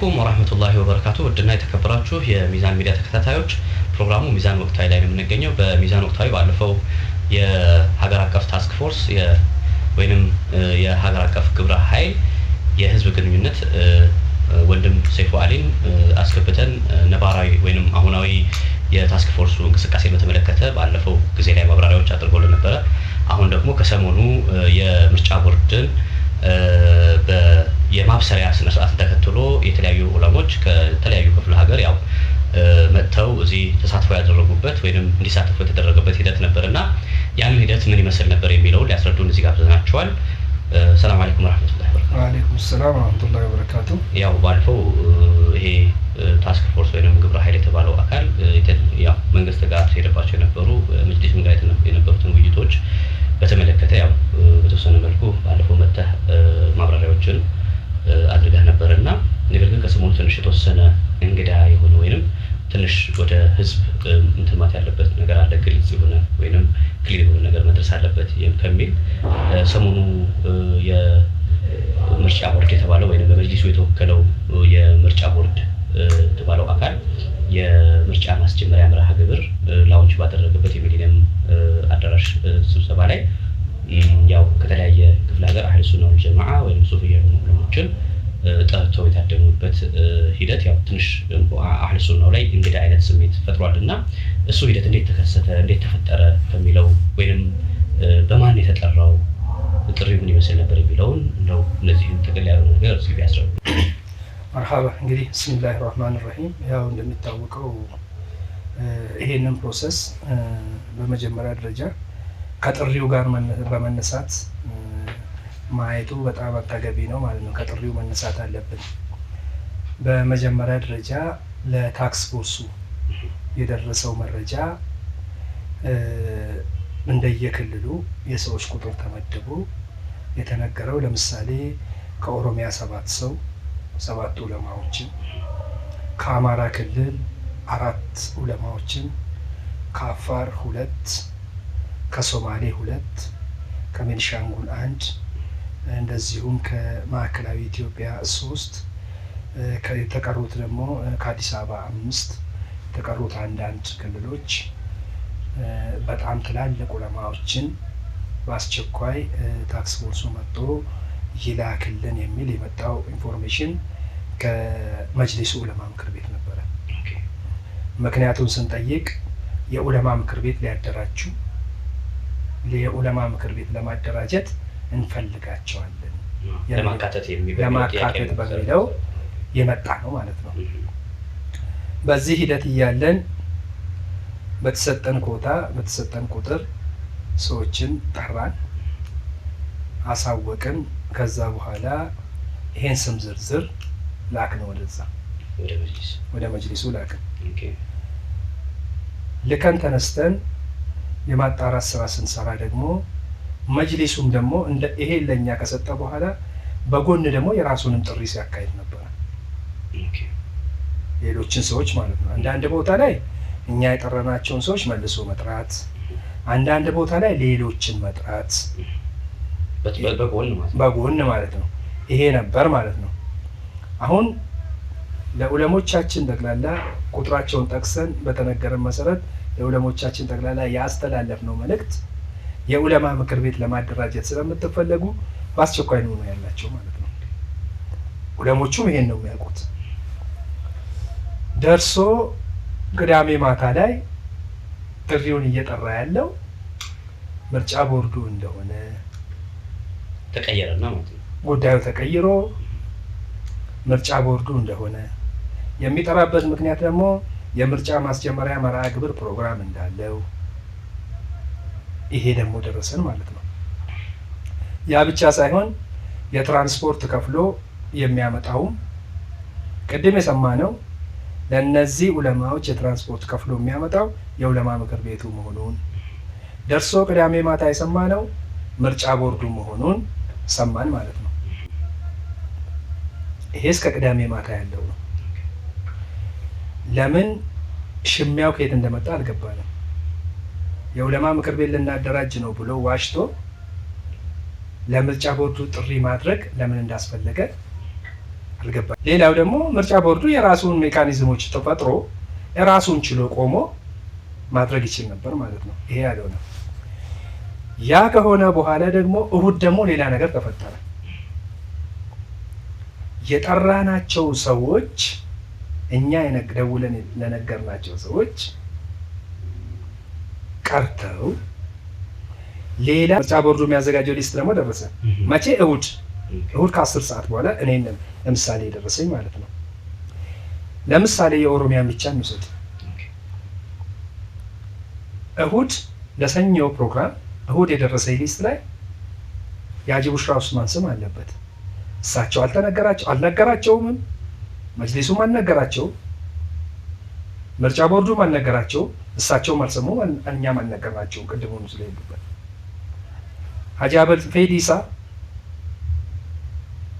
አለይኩም ወራህመቱላሂ ወበረካቱ። ውድና የተከበራችሁ የሚዛን ሚዲያ ተከታታዮች ፕሮግራሙ ሚዛን ወቅታዊ ላይ ነው የምንገኘው። በሚዛን ወቅታዊ ባለፈው የሀገር አቀፍ ታስክ ፎርስ ወይንም የሀገር አቀፍ ግብረ ኃይል የህዝብ ግንኙነት ወንድም ሰይፉ አሊን አስገብተን ነባራዊ ወይንም አሁናዊ የታስክ ፎርሱ እንቅስቃሴን በተመለከተ ባለፈው ጊዜ ላይ ማብራሪያዎች አድርጎልን ነበረ። አሁን ደግሞ ከሰሞኑ የምርጫ ቦርድን የማብሰሪያ ስነስርዓትን ተከትሎ የተለያዩ ዑለሞች ከተለያዩ ክፍለ ሀገር ያው መጥተው እዚህ ተሳትፎ ያደረጉበት ወይም እንዲሳተፉ የተደረገበት ሂደት ነበር እና ያን ሂደት ምን ይመስል ነበር የሚለውን ሊያስረዱን እዚህ ጋብዘናቸዋል። ሰላም አለይኩም ረመቱላ ወአለይኩም ሰላም ረመቱላ ወበረካቱ። ያው ባለፈው ይሄ ታስክ ፎርስ ወይም ግብረ ኃይል የተባለው አካል መንግስት ጋር ሲሄደባቸው የነበሩ መጅሊስም ጋር የነበሩትን ውይይቶች በተመለከተ ያው በተወሰነ መልኩ ባለፈው መተህ ማብራሪያዎችን አድርገህ ነበር እና ነገር ግን ከሰሞኑ ትንሽ የተወሰነ እንግዳ የሆነ ወይንም ትንሽ ወደ ህዝብ እንትማት ያለበት ነገር አለ፣ ግልጽ የሆነ ወይንም ክሊር የሆነ ነገር መድረስ አለበት ከሚል ሰሞኑ የምርጫ ቦርድ የተባለው ወይም በመጅሊሱ የተወከለው የምርጫ ቦርድ የተባለው አካል የምርጫ ማስጀመሪያ መርሃ ግብር ላውንች ባደረገበት የሚሊኒየም አዳራሽ ስብሰባ ላይ ያው ከተለያየ ክፍለ ሀገር አህል ሱና ወይም ሱፍያ ሙስሊሞችን ጠርተው የታደሙበት ሂደት ያው ትንሽ አህል ሱናው ላይ እንግዳ አይነት ስሜት ፈጥሯል እና እሱ ሂደት እንዴት ተከሰተ፣ እንዴት ተፈጠረ ከሚለው ወይም በማን የተጠራው ጥሪ ምን ይመስል ነበር የሚለውን እንደው እነዚህን ጥቅል ያሉ ነገር እስ ቢያስረዱ መርሃባ እንግዲህ ብስሚላህ ራህማን ራሂም። ያው እንደሚታወቀው ይሄንን ፕሮሰስ በመጀመሪያ ደረጃ ከጥሪው ጋር በመነሳት ማየቱ በጣም አታገቢ ነው ማለት ነው። ከጥሪው መነሳት አለብን። በመጀመሪያ ደረጃ ለታክስ ፎርሱ የደረሰው መረጃ እንደየክልሉ የሰዎች ቁጥር ተመድቦ የተነገረው ለምሳሌ ከኦሮሚያ ሰባት ሰው ሰባት ዑለማዎችን ከአማራ ክልል አራት ዑለማዎችን ከአፋር ሁለት ከሶማሌ ሁለት ከቤንሻንጉል አንድ እንደዚሁም ከማዕከላዊ ኢትዮጵያ ሶስት የተቀሩት ደግሞ ከአዲስ አበባ አምስት የተቀሩት አንዳንድ ክልሎች በጣም ትላልቅ ዑለማዎችን በአስቸኳይ ታክስ ቦርሱ መጥቶ ይላክልን የሚል የመጣው ኢንፎርሜሽን ከመጅሊሱ ዑለማ ምክር ቤት ነበረ። ምክንያቱን ስንጠይቅ የዑለማ ምክር ቤት ሊያደራችሁ የዑለማ ምክር ቤት ለማደራጀት እንፈልጋቸዋለን ለማካተት በሚለው የመጣ ነው ማለት ነው። በዚህ ሂደት እያለን በተሰጠን ኮታ በተሰጠን ቁጥር ሰዎችን ጠራን፣ አሳወቅን። ከዛ በኋላ ይሄን ስም ዝርዝር ላክ ነው ወደዛ ወደ መጅሊሱ ላክን። ልከን ተነስተን የማጣራት ስራ ስንሰራ ደግሞ መጅሊሱም ደግሞ ይሄ ለእኛ ከሰጠ በኋላ በጎን ደግሞ የራሱንም ጥሪ ሲያካሄድ ነበረ። ሌሎችን ሰዎች ማለት ነው። አንዳንድ ቦታ ላይ እኛ የጠረናቸውን ሰዎች መልሶ መጥራት፣ አንዳንድ ቦታ ላይ ሌሎችን መጥራት በጎን ማለት ነው። ይሄ ነበር ማለት ነው። አሁን ለዑለሞቻችን ጠቅላላ ቁጥራቸውን ጠቅሰን በተነገረን መሰረት ለዑለሞቻችን ጠቅላላ ያስተላለፍ ነው መልእክት የዑለማ ምክር ቤት ለማደራጀት ስለምትፈለጉ በአስቸኳይ ነው ያላቸው ማለት ነው። ዑለሞቹም ይሄን ነው የሚያውቁት። ደርሶ ቅዳሜ ማታ ላይ ጥሪውን እየጠራ ያለው ምርጫ ቦርዱ እንደሆነ ተቀየረና ማለት ነው። ጉዳዩ ተቀይሮ ምርጫ ቦርዱ እንደሆነ የሚጠራበት ምክንያት ደግሞ የምርጫ ማስጀመሪያ መርሃ ግብር ፕሮግራም እንዳለው ይሄ ደግሞ ደረሰን ማለት ነው። ያ ብቻ ሳይሆን የትራንስፖርት ከፍሎ የሚያመጣውም ቅድም የሰማነው ለእነዚህ ዑለማዎች የትራንስፖርት ከፍሎ የሚያመጣው የዑለማ ምክር ቤቱ መሆኑን ደርሶ ቅዳሜ ማታ የሰማነው ምርጫ ቦርዱ መሆኑን ሰማን ማለት ነው። ይሄ እስከ ቅዳሜ ማታ ያለው ነው። ለምን ሽሚያው ከየት እንደመጣ አልገባንም። የውለማ ምክር ቤት ልናደራጅ ነው ብሎ ዋሽቶ ለምርጫ ቦርዱ ጥሪ ማድረግ ለምን እንዳስፈለገ አልገባል። ሌላው ደግሞ ምርጫ ቦርዱ የራሱን ሜካኒዝሞች ተፈጥሮ የራሱን ችሎ ቆሞ ማድረግ ይችል ነበር ማለት ነው። ይሄ ያለው ነው። ያ ከሆነ በኋላ ደግሞ እሁድ ደግሞ ሌላ ነገር ተፈጠረ። የጠራናቸው ሰዎች እኛ ደውለን ለነገርናቸው ሰዎች ቀርተው ሌላ ምርጫ ቦርዱ የሚያዘጋጀው ሊስት ደግሞ ደረሰ። መቼ? እሁድ እሁድ ከአስር ሰዓት በኋላ እኔ ለምሳሌ ደረሰኝ ማለት ነው። ለምሳሌ የኦሮሚያን ብቻ እንውሰድ። እሁድ ለሰኞ ፕሮግራም እሁድ የደረሰኝ ሊስት ላይ የሀጂ ቡሽራ ኡስማን ስም አለበት። እሳቸው አልተነገራቸው አልነገራቸውምም፣ መጅሊሱም አልነገራቸውም፣ ምርጫ ቦርዱም አልነገራቸውም፣ እሳቸውም አልሰሙም፣ እኛም አልነገርናቸውም። ቅድሙን ስለሄዱበት ሀጂ አበል ፌዲሳ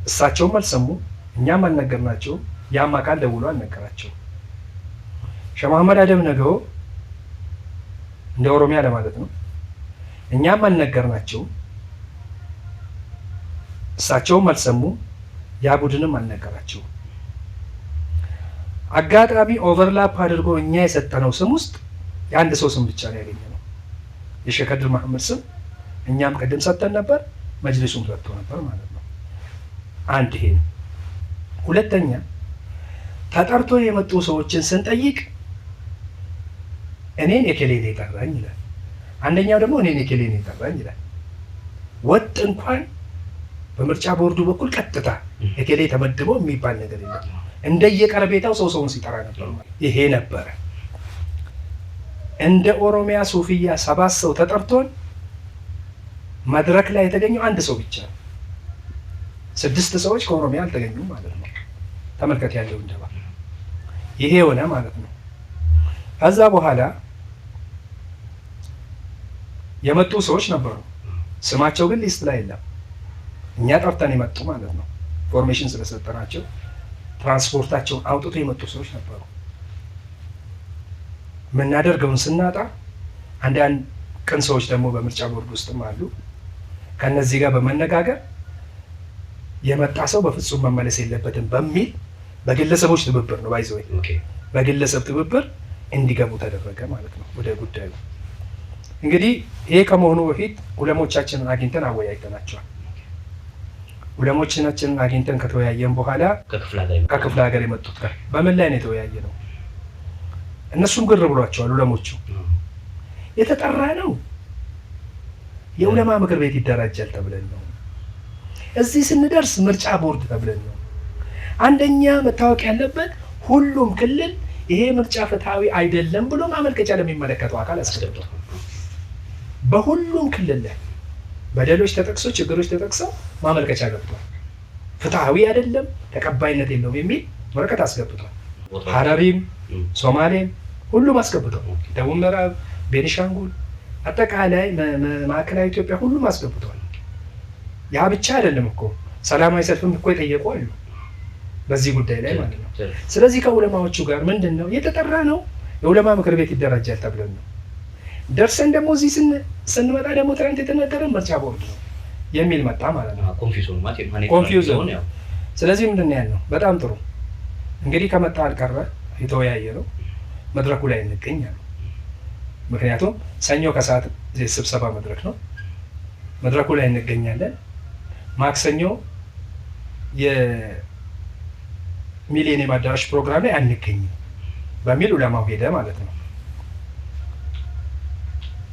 እሳቸውም አልሰሙም፣ እኛም አልነገርናቸውም። ያም አካል ደውሎ አልነገራቸውም። ሸህ መሐመድ አደም ነገው እንደ ኦሮሚያ ለማለት ነው እኛም አልነገርናቸውም፣ እሳቸውም አልሰሙም፣ ያ ቡድንም አልነገራቸውም። አጋጣሚ ኦቨርላፕ አድርጎ እኛ የሰጠነው ስም ውስጥ የአንድ ሰው ስም ብቻ ነው ያገኘነው፣ የሼህ ከድር መሐመድ ስም። እኛም ቅድም ሰጠን ነበር፣ መጅልሱም ሰጥቶ ነበር ማለት ነው። አንድ ይሄ ነው። ሁለተኛ ተጠርቶ የመጡ ሰዎችን ስንጠይቅ እኔን የኬሌን የጠራኝ ይላል። አንደኛው ደግሞ እኔ ኔኬሌን የጠራኝ ይላል። ወጥ እንኳን በምርጫ ቦርዱ በኩል ቀጥታ ኔኬሌ ተመድቦ የሚባል ነገር የለም። እንደየቀረቤታው ሰው ሰውን ሲጠራ ነበር። ይሄ ነበረ እንደ ኦሮሚያ ሱፍያ ሰባት ሰው ተጠርቶን መድረክ ላይ የተገኘው አንድ ሰው ብቻ ነው። ስድስት ሰዎች ከኦሮሚያ አልተገኙም ማለት ነው። ተመልከት ያለው እንደባ ይሄ ሆነ ማለት ነው። ከዛ በኋላ የመጡ ሰዎች ነበሩ። ስማቸው ግን ሊስት ላይ የለም። እኛ ጠርተን የመጡ ማለት ነው። ኢንፎርሜሽን ስለሰጠናቸው ትራንስፖርታቸውን አውጥቶ የመጡ ሰዎች ነበሩ። የምናደርገውን ስናጣ አንዳንድ ቅን ሰዎች ደግሞ በምርጫ ቦርድ ውስጥም አሉ። ከነዚህ ጋር በመነጋገር የመጣ ሰው በፍጹም መመለስ የለበትም በሚል በግለሰቦች ትብብር ነው ባይዘወይ በግለሰብ ትብብር እንዲገቡ ተደረገ ማለት ነው ወደ ጉዳዩ እንግዲህ ይሄ ከመሆኑ በፊት ዑለሞቻችንን አግኝተን አወያይተናቸዋል። ዑለሞቻችንን አግኝተን ከተወያየን በኋላ ከክፍለ ሀገር የመጡት ጋር በምን ላይ ነው የተወያየ ነው? እነሱም ግር ብሏቸዋል። ዑለሞቹ የተጠራ ነው የዑለማ ምክር ቤት ይደራጃል ተብለን ነው። እዚህ ስንደርስ ምርጫ ቦርድ ተብለን ነው። አንደኛ መታወቅ ያለበት ሁሉም ክልል ይሄ ምርጫ ፍትሐዊ አይደለም ብሎ ማመልከቻ ለሚመለከተው አካል አስገብቷል። በሁሉም ክልል ላይ በደሎች ተጠቅሰው ችግሮች ተጠቅሰው ማመልከቻ ገብቷል። ፍትሐዊ አይደለም፣ ተቀባይነት የለውም የሚል ወረቀት አስገብቷል። ሀረሪም፣ ሶማሌም ሁሉም አስገብተዋል። ደቡብ ምዕራብ፣ ቤኒሻንጉል፣ አጠቃላይ ማዕከላዊ ኢትዮጵያ ሁሉም አስገብተዋል። ያ ብቻ አይደለም እኮ ሰላማዊ ሰልፍም እኮ የጠየቁ አሉ በዚህ ጉዳይ ላይ ማለት ነው። ስለዚህ ከዑለማዎቹ ጋር ምንድን ነው የተጠራ ነው የዑለማ ምክር ቤት ይደራጃል ተብለን ነው ደርሰን ደግሞ እዚህ ስንመጣ ደግሞ ትናንት የተነገረ ምርጫ ቦርድ ነው የሚል መጣ ማለት ነው። ስለዚህ ምንድን ነው በጣም ጥሩ እንግዲህ ከመጣ አልቀረ የተወያየ ነው መድረኩ ላይ እንገኛለን። ምክንያቱም ሰኞ ከሰዓት ስብሰባ መድረክ ነው። መድረኩ ላይ እንገኛለን። ማክሰኞ የሚሊኒየም አዳራሽ ፕሮግራም ላይ አንገኝም በሚል ዑለማው ሄደ ማለት ነው።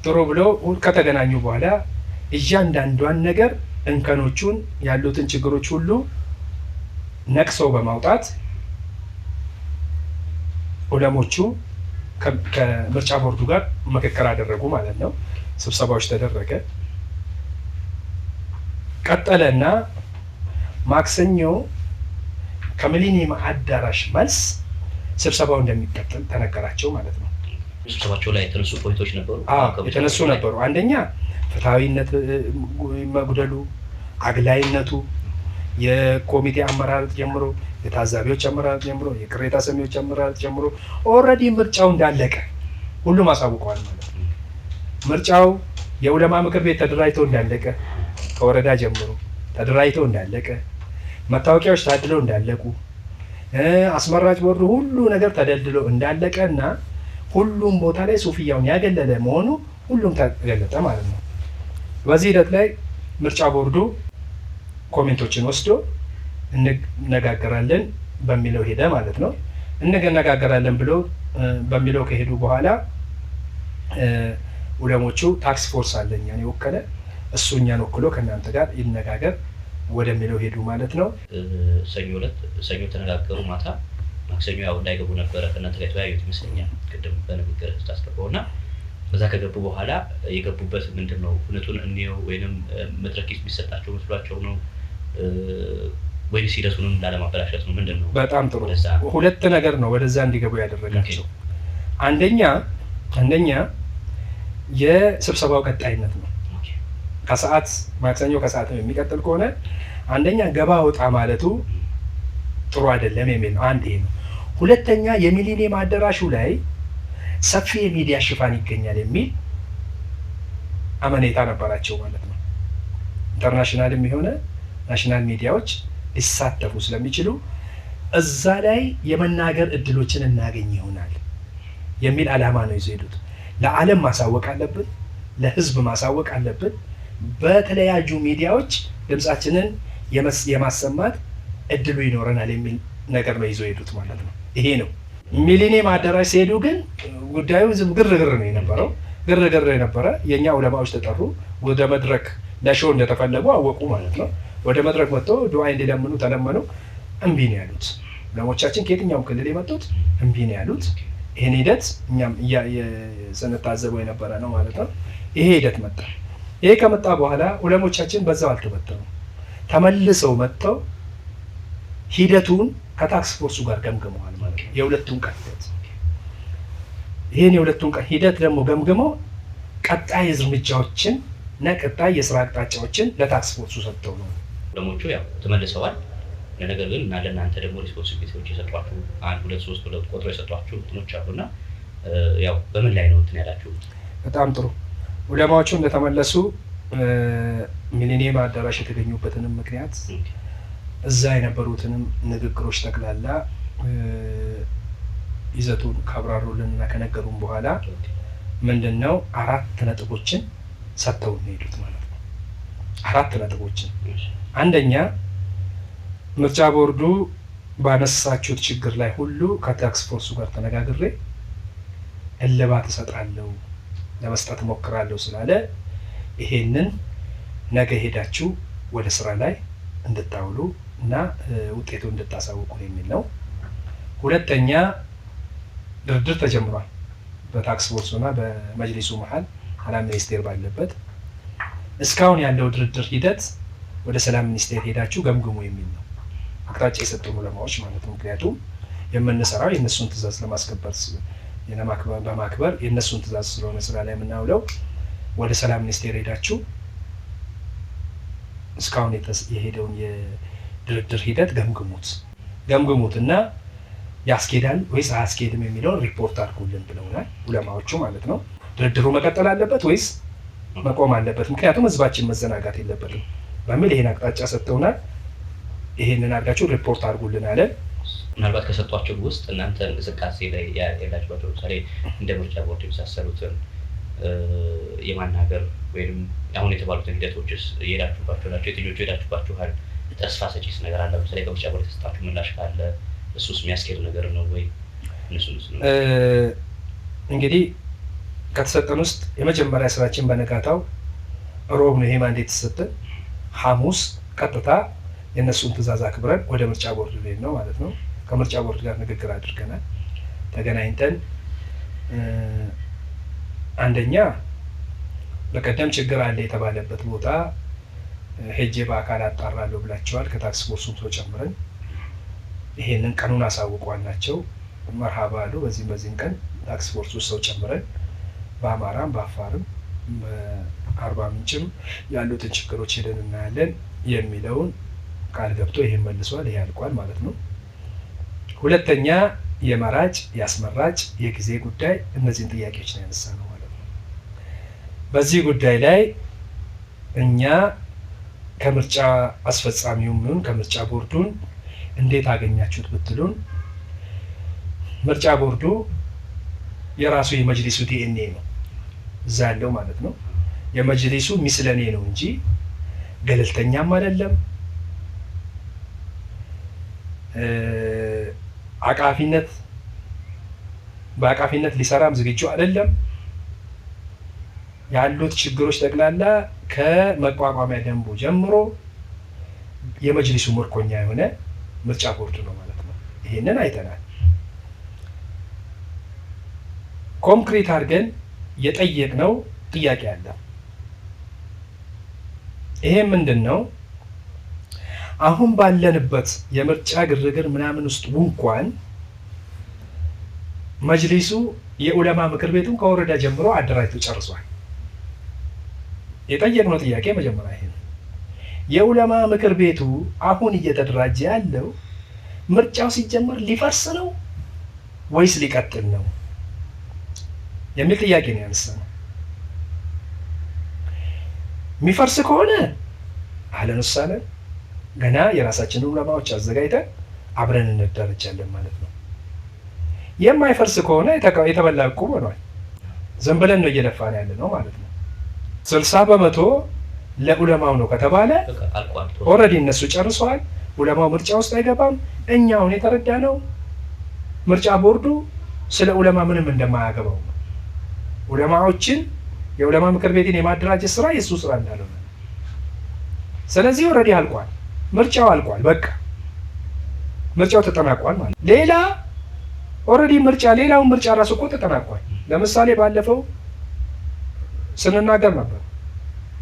ጥሩ ብለው ከተገናኙ በኋላ እያንዳንዷን ነገር እንከኖቹን ያሉትን ችግሮች ሁሉ ነቅሰው በማውጣት ዑለሞቹ ከምርጫ ቦርዱ ጋር ምክክር አደረጉ ማለት ነው። ስብሰባዎች ተደረገ። ቀጠለና ማክሰኞ ከሚሊኒየም አዳራሽ መልስ ስብሰባው እንደሚቀጥል ተነገራቸው ማለት ነው። ስብሰባቸው ላይ የተነሱ ፖይንቶች ነበሩ የተነሱ ነበሩ። አንደኛ ፍትሐዊነት መጉደሉ፣ አግላይነቱ የኮሚቴ አመራረጥ ጀምሮ የታዛቢዎች አመራረጥ ጀምሮ የቅሬታ ሰሚዎች አመራረጥ ጀምሮ ኦልሬዲ ምርጫው እንዳለቀ ሁሉም አሳውቀዋል ማለት ነው። ምርጫው የዑለማ ምክር ቤት ተደራጅተው እንዳለቀ ከወረዳ ጀምሮ ተደራጅተው እንዳለቀ መታወቂያዎች ታድለው እንዳለቁ አስመራጭ ቦርዱ ሁሉ ነገር ተደልድሎ እንዳለቀ እና ሁሉም ቦታ ላይ ሱፍያውን ያገለለ መሆኑ ሁሉም ተገለጠ ማለት ነው። በዚህ ሂደት ላይ ምርጫ ቦርዱ ኮሜንቶችን ወስዶ እነጋገራለን በሚለው ሄደ ማለት ነው። እንነጋገራለን ብሎ በሚለው ከሄዱ በኋላ ዑለሞቹ ታክስ ፎርስ አለ እኛን የወከለ እሱ እኛን ወክሎ ከእናንተ ጋር ይነጋገር ወደሚለው ሄዱ ማለት ነው። ሰኞ ዕለት ሰኞ ተነጋገሩ ማታ ማክሰኞ ያው እንዳይገቡ ነበረ ከእናንተ ጋር የተወያዩት ይመስለኛል ቅድም በንግግር ስታስገባው እና በዛ ከገቡ በኋላ የገቡበት ምንድን ነው እውነቱን እኒየው ወይም መድረክ የሚሰጣቸው መስሏቸው ነው ወይስ ሂደቱንም ላለማበላሸት ነው ምንድን ነው? በጣም ጥሩ ሁለት ነገር ነው ወደዛ እንዲገቡ ያደረጋቸው። አንደኛ አንደኛ የስብሰባው ቀጣይነት ነው። ከሰዓት ማክሰኞ ከሰዓት ነው የሚቀጥል ከሆነ አንደኛ ገባ ወጣ ማለቱ ጥሩ አይደለም የሚል ነው። አንድ ይሄ ነው። ሁለተኛ የሚሊኒየም አዳራሹ ላይ ሰፊ የሚዲያ ሽፋን ይገኛል የሚል አመኔታ ነበራቸው ማለት ነው። ኢንተርናሽናልም የሆነ ናሽናል ሚዲያዎች ሊሳተፉ ስለሚችሉ እዛ ላይ የመናገር እድሎችን እናገኝ ይሆናል የሚል አላማ ነው ይዞ ሄዱት። ለዓለም ማሳወቅ አለብን፣ ለህዝብ ማሳወቅ አለብን። በተለያዩ ሚዲያዎች ድምፃችንን የማሰማት እድሉ ይኖረናል የሚል ነገር ነው ይዞ ሄዱት ማለት ነው። ይሄ ነው ሚሊኒየም አዳራሽ ሲሄዱ ግን ጉዳዩ ዝም ግርግር ነው የነበረው። ግርግር የነበረ የእኛ ዑለማዎች ተጠሩ። ወደ መድረክ ለሾው እንደተፈለጉ አወቁ ማለት ነው። ወደ መድረክ መጥቶ ዱዓ እንዲለምኑ ተለመኑ። እምቢ ነው ያሉት ዑለሞቻችን ከየትኛውም ክልል የመጡት እምቢ ነው ያሉት። ይህን ሂደት እኛም ስንታዘበው የነበረ ነው ማለት ነው። ይሄ ሂደት መጣ። ይሄ ከመጣ በኋላ ዑለሞቻችን በዛው አልተበተኑ ተመልሰው መጥተው ሂደቱን ከታክስ ፎርሱ ጋር ገምግመዋል ማለት ነው። የሁለቱን ቀን ሂደት ይህን የሁለቱን ቀን ሂደት ደግሞ ገምግመው ቀጣይ እርምጃዎችን እና ቀጣይ የስራ አቅጣጫዎችን ለታክስ ፎርሱ ሰጥተው ነው ደሞቹ ያው ተመልሰዋል። ለነገር ግን እና ለእናንተ ደግሞ ሪስፖንሲቢሊቲዎች የሰጧችሁ አንድ ሁለት ሶስት ሁለት ቆጥሮ የሰጧችሁ እንትኖች አሉና ያው በምን ላይ ነው እንትን ያላችሁ? በጣም ጥሩ ዑለማዎቹ እንደተመለሱ ሚሊኒየም አዳራሽ የተገኙበትንም ምክንያት እዛ የነበሩትንም ንግግሮች ጠቅላላ ይዘቱን ካብራሩልን እና ከነገሩን በኋላ ምንድን ነው አራት ነጥቦችን ሰጥተው ሄዱት ማለት ነው። አራት ነጥቦችን አንደኛ ምርጫ ቦርዱ ባነሳችሁት ችግር ላይ ሁሉ ከታክስ ፎርሱ ጋር ተነጋግሬ እልባት እሰጣለሁ ለመስጠት እሞክራለሁ ስላለ ይሄንን ነገ ሄዳችሁ ወደ ስራ ላይ እንድታውሉ እና ውጤቱን እንድታሳውቁን የሚል ነው። ሁለተኛ ድርድር ተጀምሯል። በታክስ ፎርሱ እና በመጅሊሱ መሀል ሰላም ሚኒስቴር ባለበት እስካሁን ያለው ድርድር ሂደት ወደ ሰላም ሚኒስቴር ሄዳችሁ ገምግሙ የሚል ነው አቅጣጫ የሰጡ ዑለማዎች ማለት ምክንያቱም የምንሰራው የእነሱን ትዛዝ ለማስከበር በማክበር የእነሱን ትዛዝ ስለሆነ ስራ ላይ የምናውለው ወደ ሰላም ሚኒስቴር ሄዳችሁ እስካሁን የሄደውን ድርድር ሂደት ገምግሙት ገምግሙት እና ያስኬዳል ወይስ አያስኬድም የሚለውን ሪፖርት አድርጉልን ብለውናል ዑለማዎቹ ማለት ነው። ድርድሩ መቀጠል አለበት ወይስ መቆም አለበት? ምክንያቱም ህዝባችን መዘናጋት የለበትም በሚል ይሄን አቅጣጫ ሰጥተውናል። ይሄንን አድርጋችሁ ሪፖርት አድርጉልን አለን። ምናልባት ከሰጧቸው ውስጥ እናንተ እንቅስቃሴ ላይ ያላችሁባቸው ለምሳሌ እንደ ምርጫ ቦርድ የመሳሰሉትን የማናገር ወይም አሁን የተባሉትን ሂደቶችስ የሄዳችሁባቸው ናቸው? የትኞቹ ሄዳችሁባችኋል? ተስፋ ሰጪስ ነገር አለ? በተለይ በውጭ ሀገር የተሰጣችሁ ምላሽ ካለ እሱስ የሚያስኬድ ነገር ነው ወይ? እነሱ እንግዲህ ከተሰጠን ውስጥ የመጀመሪያ ስራችን በነጋታው ሮብ ነው ይሄ ማንዴት የተሰጠን። ሐሙስ ቀጥታ የእነሱን ትዕዛዝ አክብረን ወደ ምርጫ ቦርድ ሄድ ነው ማለት ነው። ከምርጫ ቦርድ ጋር ንግግር አድርገናል። ተገናኝተን አንደኛ በቀደም ችግር አለ የተባለበት ቦታ ሄጄ በአካል አጣራለሁ ብላቸዋል። ከታክስ ፎርሱ ሰው ጨምረን ይሄንን ቀኑን አሳውቋል ናቸው መርሃባ አሉ። በዚህም በዚህም ቀን ታክስ ፎርሱ ሰው ጨምረን በአማራም በአፋርም አርባ ምንጭም ያሉትን ችግሮች ሄደን እናያለን የሚለውን ቃል ገብቶ ይሄን መልሷል። ይሄ አልቋል ማለት ነው። ሁለተኛ የመራጭ የአስመራጭ የጊዜ ጉዳይ እነዚህን ጥያቄዎች ነው ያነሳ ነው ማለት ነው። በዚህ ጉዳይ ላይ እኛ ከምርጫ አስፈጻሚውን ከምርጫ ቦርዱን እንዴት አገኛችሁት ብትሉን ምርጫ ቦርዱ የራሱ የመጅሊሱ ዲኤንኤ ነው እዛ ያለው ማለት ነው። የመጅሊሱ ሚስለኔ ነው እንጂ ገለልተኛም አይደለም፣ አቃፊነት በአቃፊነት ሊሰራም ዝግጁ አይደለም። ያሉት ችግሮች ጠቅላላ ከመቋቋሚያ ደንቡ ጀምሮ የመጅሊሱ ምርኮኛ የሆነ ምርጫ ቦርዱ ነው ማለት ነው። ይህንን አይተናል። ኮንክሪት አድርገን የጠየቅነው ጥያቄ አለ። ይሄ ምንድን ነው? አሁን ባለንበት የምርጫ ግርግር ምናምን ውስጥ እንኳን መጅሊሱ የኡለማ ምክር ቤቱን ከወረዳ ጀምሮ አደራጅቶ ጨርሷል። የጠየቅነው ጥያቄ መጀመሪያ ይሄ ነው። የኡለማ ምክር ቤቱ አሁን እየተደራጀ ያለው ምርጫው ሲጀመር ሊፈርስ ነው ወይስ ሊቀጥል ነው የሚል ጥያቄ ነው ያነሳነው። የሚፈርስ ከሆነ አለን ውሳለን ገና የራሳችንን ኡለማዎች አዘጋጅተን አብረን እንደረጃለን ማለት ነው። የማይፈርስ ከሆነ የተበላ ዕቁብ ሆኗል። ዘንበለን ነው እየለፋ ነው ያለ ነው ማለት ነው። ስልሳ በመቶ ለዑለማው ነው ከተባለ ኦልሬዲ እነሱ ጨርሰዋል። ዑለማው ምርጫ ውስጥ አይገባም። እኛ አሁን የተረዳ ነው ምርጫ ቦርዱ ስለ ኡለማ ምንም እንደማያገባው ነው። ኡለማዎችን ምክር ቤትን የማደራጀት ስራ የእሱ ስራ እንዳልሆነ ስለዚህ ኦልሬዲ አልቋል። ምርጫው አልቋል። በቃ ምርጫው ተጠናቋል ማለት ሌላ ኦልሬዲ ምርጫ ሌላውን ምርጫ ራሱ እኮ ተጠናቋል። ለምሳሌ ባለፈው ስንናገር ነበር።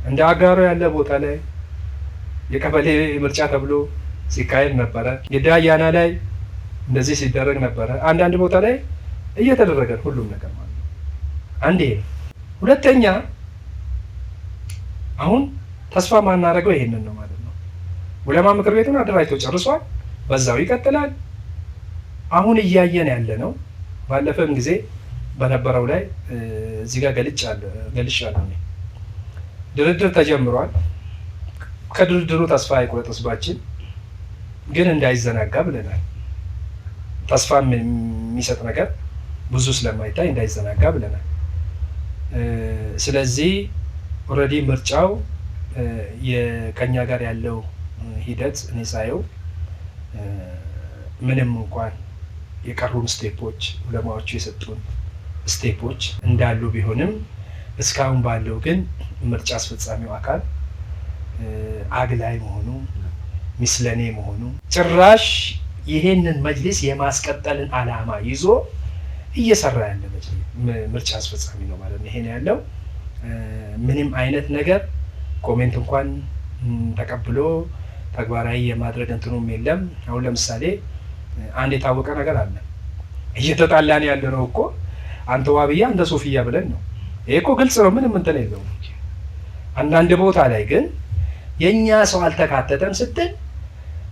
እንደ አጋሮ ያለ ቦታ ላይ የቀበሌ ምርጫ ተብሎ ሲካሄድ ነበረ። የዳያና ላይ እንደዚህ ሲደረግ ነበረ። አንዳንድ ቦታ ላይ እየተደረገ ሁሉም ነገር ማለት ነው። አንዴ ሁለተኛ አሁን ተስፋ ማናደርገው ይሄንን ነው ማለት ነው። ውለማ ምክር ቤቱን አደራጅቶ ጨርሷል። በዛው ይቀጥላል። አሁን እያየን ያለ ነው። ባለፈም ጊዜ በነበረው ላይ እዚህ ጋር ገልጫለሁ። ድርድር ተጀምሯል። ከድርድሩ ተስፋ አይቁረጥ ህዝባችን፣ ግን እንዳይዘናጋ ብለናል። ተስፋ የሚሰጥ ነገር ብዙ ስለማይታይ እንዳይዘናጋ ብለናል። ስለዚህ ኦልሬዲ ምርጫው ከኛ ጋር ያለው ሂደት እኔ ሳየው ምንም እንኳን የቀሩን ስቴፖች ዑለማዎቹ የሰጡን ስቴፖች እንዳሉ ቢሆንም እስካሁን ባለው ግን ምርጫ አስፈጻሚው አካል አግላይ መሆኑ ሚስለኔ መሆኑ ጭራሽ ይሄንን መጅሊስ የማስቀጠልን አላማ ይዞ እየሰራ ያለ ምርጫ አስፈጻሚ ነው ማለት ነው። ይሄን ያለው ምንም አይነት ነገር ኮሜንት እንኳን ተቀብሎ ተግባራዊ የማድረግ እንትኑም የለም። አሁን ለምሳሌ አንድ የታወቀ ነገር አለ። እየተጣላን ያለ ነው እኮ አንተ ዋብያ አንተ ሶፊያ ብለን ነው። ይሄ እኮ ግልጽ ነው። ምንም እንትን የለውም። አንዳንድ ቦታ ላይ ግን የእኛ ሰው አልተካተተም ስትል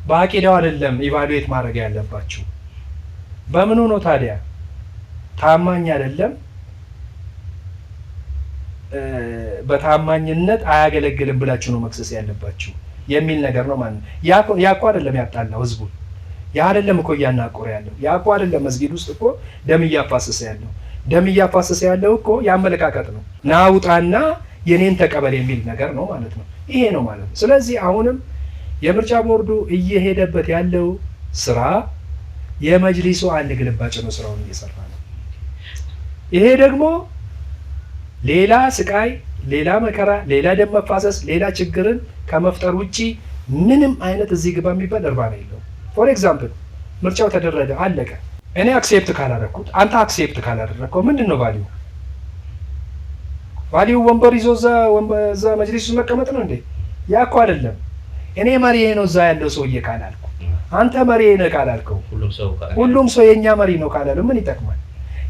በአቂዳው አይደለም ኢቫሉዌት ማድረግ ያለባችሁ። በምኑ ነው ታዲያ? ታማኝ አይደለም፣ በታማኝነት አያገለግልም ብላችሁ ነው መክሰስ ያለባችሁ የሚል ነገር ነው ማለት ያቆ ያ አይደለም ያጣላው ህዝቡን። ያ አይደለም እኮ እያናቆረ ያለው ያቆ አይደለም መስጊድ ውስጥ እኮ ደም እያፋሰሰ ያለው ደም እያፋሰሰ ያለው እኮ የአመለካከት ነው። ናውጣና የኔን ተቀበል የሚል ነገር ነው ማለት ነው። ይሄ ነው ማለት ነው። ስለዚህ አሁንም የምርጫ ቦርዱ እየሄደበት ያለው ስራ የመጅሊሱ አንድ ግልባጭ ነው። ስራውን እየሰራ ነው። ይሄ ደግሞ ሌላ ስቃይ፣ ሌላ መከራ፣ ሌላ ደም መፋሰስ፣ ሌላ ችግርን ከመፍጠር ውጪ ምንም አይነት እዚህ ግባ የሚባል እርባና የለውም። ፎር ኤግዛምፕል ምርጫው ተደረገ አለቀ። እኔ አክሴፕት ካላደረኩት አንተ አክሴፕት ካላደረግከው ምንድን ነው ቫሊዩ? ቫሊዩ ወንበር ይዞ እዛ መጅሊስ ውስጥ መቀመጥ ነው እንዴ? ያ እኮ አይደለም። እኔ መሪ ነው እዛ ያለው ሰውዬ ካላልኩ፣ አንተ መሪ ነህ ካላልከው፣ ሁሉም ሰው የእኛ መሪ ነው ካላለው ምን ይጠቅማል?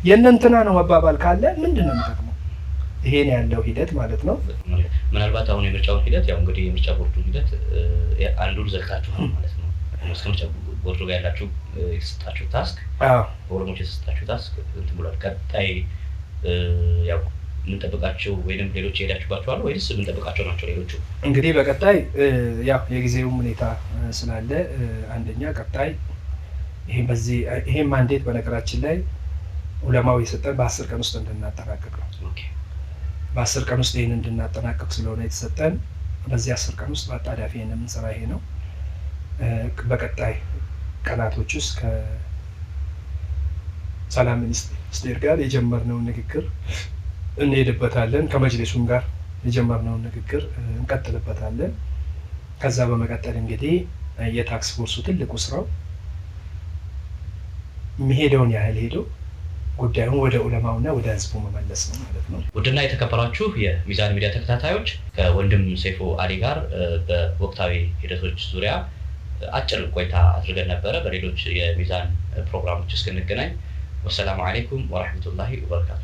የእነንትና ነው መባባል ካለ ምንድን ነው የሚጠቅመው? ይሄን ያለው ሂደት ማለት ነው። ምናልባት አሁን የምርጫውን ሂደት ያው እንግዲህ የምርጫ ቦርዱ ሂደት አንዱን ዘግታችኋል ማለት ነው። ወርዶ ጋር ያላችሁ የተሰጣችሁ ታስክ ኦሮሞች የተሰጣችሁ ታስክ እንትን ብሏል። ቀጣይ ያው የምንጠብቃቸው ወይም ሌሎች የሄዳችሁባቸው ወይስ የምንጠብቃቸው ናቸው ሌሎቹ? እንግዲህ በቀጣይ ያው የጊዜውም ሁኔታ ስላለ አንደኛ ቀጣይ ይሄ ማንዴት በነገራችን ላይ ዑለማው የሰጠን በአስር ቀን ውስጥ እንድናጠናቀቅ ነው። በአስር ቀን ውስጥ ይህን እንድናጠናቀቅ ስለሆነ የተሰጠን በዚህ አስር ቀን ውስጥ በአጣዳፊ ይህን የምንሰራ ይሄ ነው። በቀጣይ ቀናቶች ውስጥ ከሰላም ሚኒስቴር ጋር የጀመርነውን ንግግር እንሄድበታለን። ከመጅሊሱም ጋር የጀመርነውን ንግግር እንቀጥልበታለን። ከዛ በመቀጠል እንግዲህ የታክስ ፎርሱ ትልቁ ስራው የሚሄደውን ያህል ሄዶ ጉዳዩን ወደ ዑለማውና ወደ ህዝቡ መመለስ ነው ማለት ነው። ውድና የተከበራችሁ የሚዛን ሚዲያ ተከታታዮች ከወንድም ሰይፉ አሊ ጋር በወቅታዊ ሂደቶች ዙሪያ አጭር ቆይታ አድርገን ነበረ። በሌሎች የሚዛን ፕሮግራሞች እስክንገናኝ ወሰላሙ አሌይኩም ወራህመቱላሂ ወበረካቱ።